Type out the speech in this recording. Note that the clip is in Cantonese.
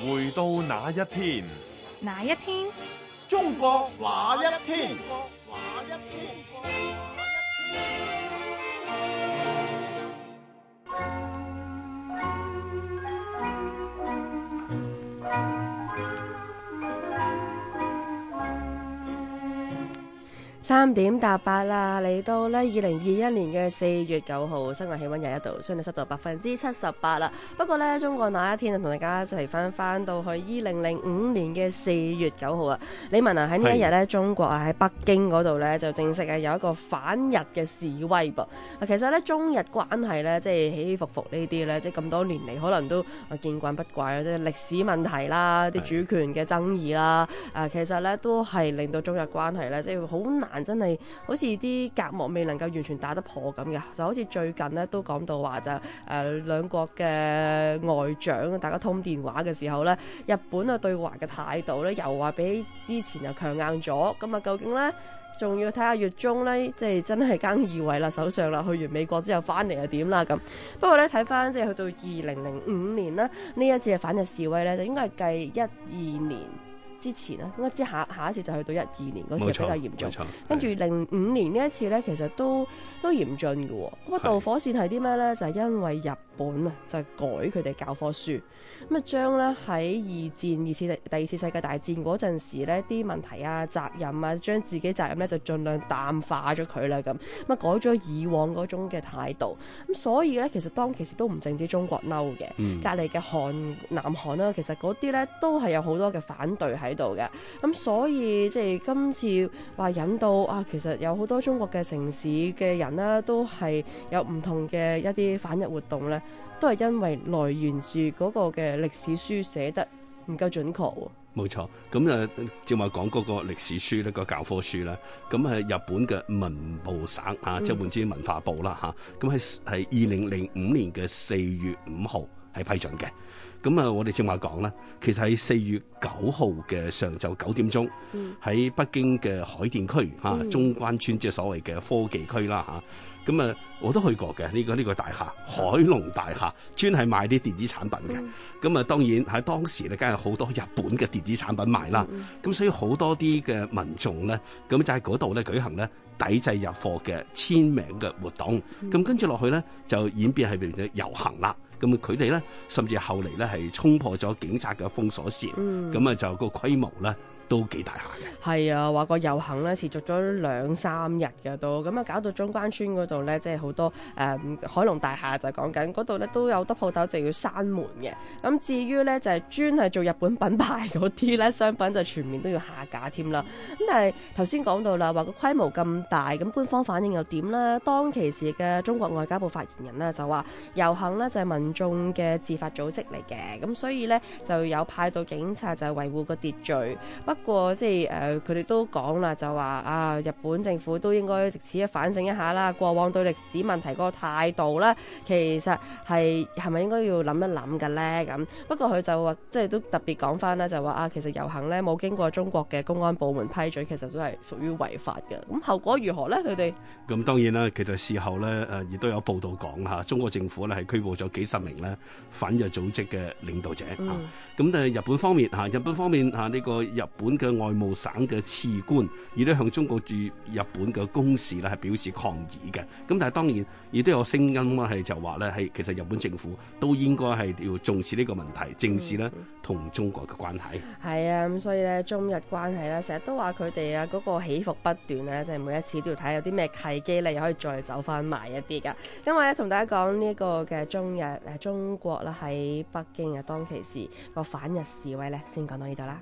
回到那一天，那一天，中國那一天。三點搭八啦，嚟到呢二零二一年嘅四月九號，室外氣溫廿一度，相對濕度百分之七十八啦。不過呢，中國那一天就同大家一齊翻翻到去二零零五年嘅四月九號啊，李文啊喺呢一日呢，中國啊喺北京嗰度呢，就正式啊有一個反日嘅示威噃。嗱，其實呢，中日關係呢，即係起起伏伏呢啲呢，即係咁多年嚟可能都見慣不怪啊，即係歷史問題啦，啲主權嘅爭議啦，啊，其實呢，都係令到中日關係呢，即係好難。真係好似啲隔膜未能夠完全打得破咁嘅，就好似最近呢都講到話就誒兩國嘅外長啊，大家通電話嘅時候呢，日本啊對華嘅態度呢又話比之前又強硬咗，咁啊究竟呢？仲要睇下月中呢，即係真係更二位啦，首相啦去完美國之後翻嚟又點啦咁？不過呢，睇翻即係去到二零零五年呢，呢一次嘅反日示威呢，就應該係繼一二年。之前呢，咁啊知下下一次就去到一二年嗰時比較嚴重，跟住零五年呢一次呢其實都都嚴峻嘅、哦。咁啊導火線係啲咩呢？就係、是、因為日本啊，就是、改佢哋教科書，咁啊將咧喺二戰二次第二次世界大戰嗰陣時咧啲問題啊、責任啊，將自己責任呢就盡量淡化咗佢啦咁，咁啊改咗以往嗰種嘅態度。咁所以咧，其實當其時都唔淨止中國嬲嘅，隔離嘅韓南韓啦，其實嗰啲呢都係有好多嘅反對。喺。喺度嘅，咁所以即係今次話引導啊，其實有好多中國嘅城市嘅人咧，都係有唔同嘅一啲反日活動咧，都係因為來源住嗰個嘅歷史書寫得唔夠準確喎。冇錯，咁啊，正話講嗰個歷史書咧，嗰個教科書啦。咁啊，日本嘅文部省啊，嗯、即係換之文化部啦嚇，咁喺係二零零五年嘅四月五號。係批准嘅咁啊！我哋正話講咧，其實喺四月九號嘅上晝九點鐘，喺、嗯、北京嘅海淀區、啊嗯、中關村，即係所謂嘅科技區啦咁啊，我都去過嘅呢、這個呢、這個大廈海龍大廈，專係賣啲電子產品嘅。咁、嗯、啊，當然喺當時咧，梗係好多日本嘅電子產品賣啦。咁、嗯、所以好多啲嘅民眾咧，咁就喺嗰度咧舉行咧抵制日貨嘅簽名嘅活動。咁、嗯、跟住落去咧，就演變係變咗遊行啦。咁佢哋咧，甚至後嚟咧係衝破咗警察嘅封鎖線。咁、嗯、啊就個規模咧。都幾大下嘅，係啊！話個遊行咧持續咗兩三日嘅都，咁啊搞到中關村嗰度咧，即係好多誒、嗯、海龍大廈就講緊嗰度咧都有好多鋪頭就要閂門嘅。咁至於咧就係、是、專係做日本品牌嗰啲咧商品就全面都要下架添啦。咁但係頭先講到啦，話個規模咁大，咁官方反應又點啦？當其時嘅中國外交部發言人呢，就話遊行咧就係民眾嘅自發組織嚟嘅，咁所以咧就有派到警察就係維護個秩序。不不過即係誒，呃、佢哋都講啦，就話啊，日本政府都應該借此反省一下啦，過往對歷史問題嗰個態度咧，其實係係咪應該要諗一諗嘅咧？咁不過佢就話即係都特別講翻啦，就話啊，其實遊行咧冇經過中國嘅公安部門批准，其實都係屬於違法嘅。咁後果如何咧？佢哋咁當然啦，其實事後咧誒，亦都有報道講吓，中國政府咧係拘捕咗幾十名咧反日組織嘅領導者。咁但係日本方面吓，日本方面吓呢、啊這個日本。嘅外務省嘅次官，而都向中國駐日本嘅公使咧係表示抗議嘅。咁但係當然，亦都有聲音係就話咧係其實日本政府都應該係要重視呢個問題，正視咧同中國嘅關係係、嗯嗯、啊。咁所以咧中日關係咧，成日都話佢哋啊嗰個起伏不斷咧，就係、是、每一次都要睇有啲咩契機咧，又可以再走翻埋一啲噶。因為咧同大家講呢個嘅中日誒中國啦喺北京啊當其時個反日示威咧，先講到呢度啦。